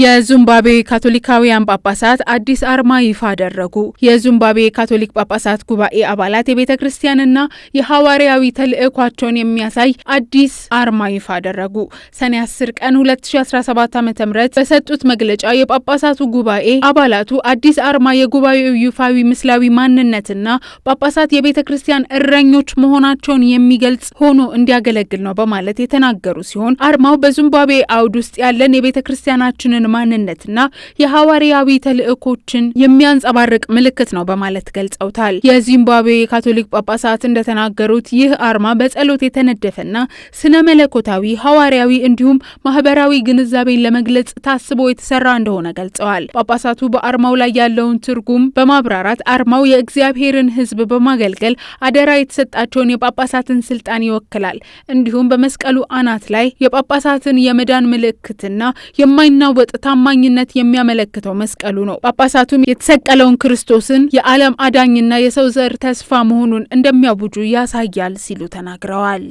የዚምባብዌ ካቶሊካውያን ጳጳሳት አዲስ አርማ ይፋ አደረጉ። የዚምባብዌ ካቶሊክ ጳጳሳት ጉባኤ አባላት የቤተ ክርስቲያንና የሐዋርያዊ ተልእኳቸውን የሚያሳይ አዲስ አርማ ይፋ አደረጉ። ሰኔ 10 ቀን 2017 ዓ ም በሰጡት መግለጫ የጳጳሳቱ ጉባኤ አባላቱ አዲስ አርማ የጉባኤው ይፋዊ ምስላዊ ማንነትና ጳጳሳት የቤተ ክርስቲያን እረኞች መሆናቸውን የሚገልጽ ሆኖ እንዲያገለግል ነው በማለት የተናገሩ ሲሆን አርማው በዚምባብዌ አውድ ውስጥ ያለን የቤተ ክርስቲያናችንን የክርስቲያንን ማንነትና የሐዋርያዊ ተልእኮችን የሚያንጸባርቅ ምልክት ነው በማለት ገልጸውታል። የዚምባብዌ የካቶሊክ ጳጳሳት እንደተናገሩት ይህ አርማ በጸሎት የተነደፈና ስነ መለኮታዊ ሐዋርያዊ እንዲሁም ማህበራዊ ግንዛቤን ለመግለጽ ታስቦ የተሰራ እንደሆነ ገልጸዋል። ጳጳሳቱ በአርማው ላይ ያለውን ትርጉም በማብራራት አርማው የእግዚአብሔርን ሕዝብ በማገልገል አደራ የተሰጣቸውን የጳጳሳትን ስልጣን ይወክላል፣ እንዲሁም በመስቀሉ አናት ላይ የጳጳሳትን የመዳን ምልክትና የማይናወጥ ታማኝነት የሚያመለክተው መስቀሉ ነው። ጳጳሳቱም የተሰቀለውን ክርስቶስን የዓለም አዳኝና የሰው ዘር ተስፋ መሆኑን እንደሚያውጁ ያሳያል ሲሉ ተናግረዋል።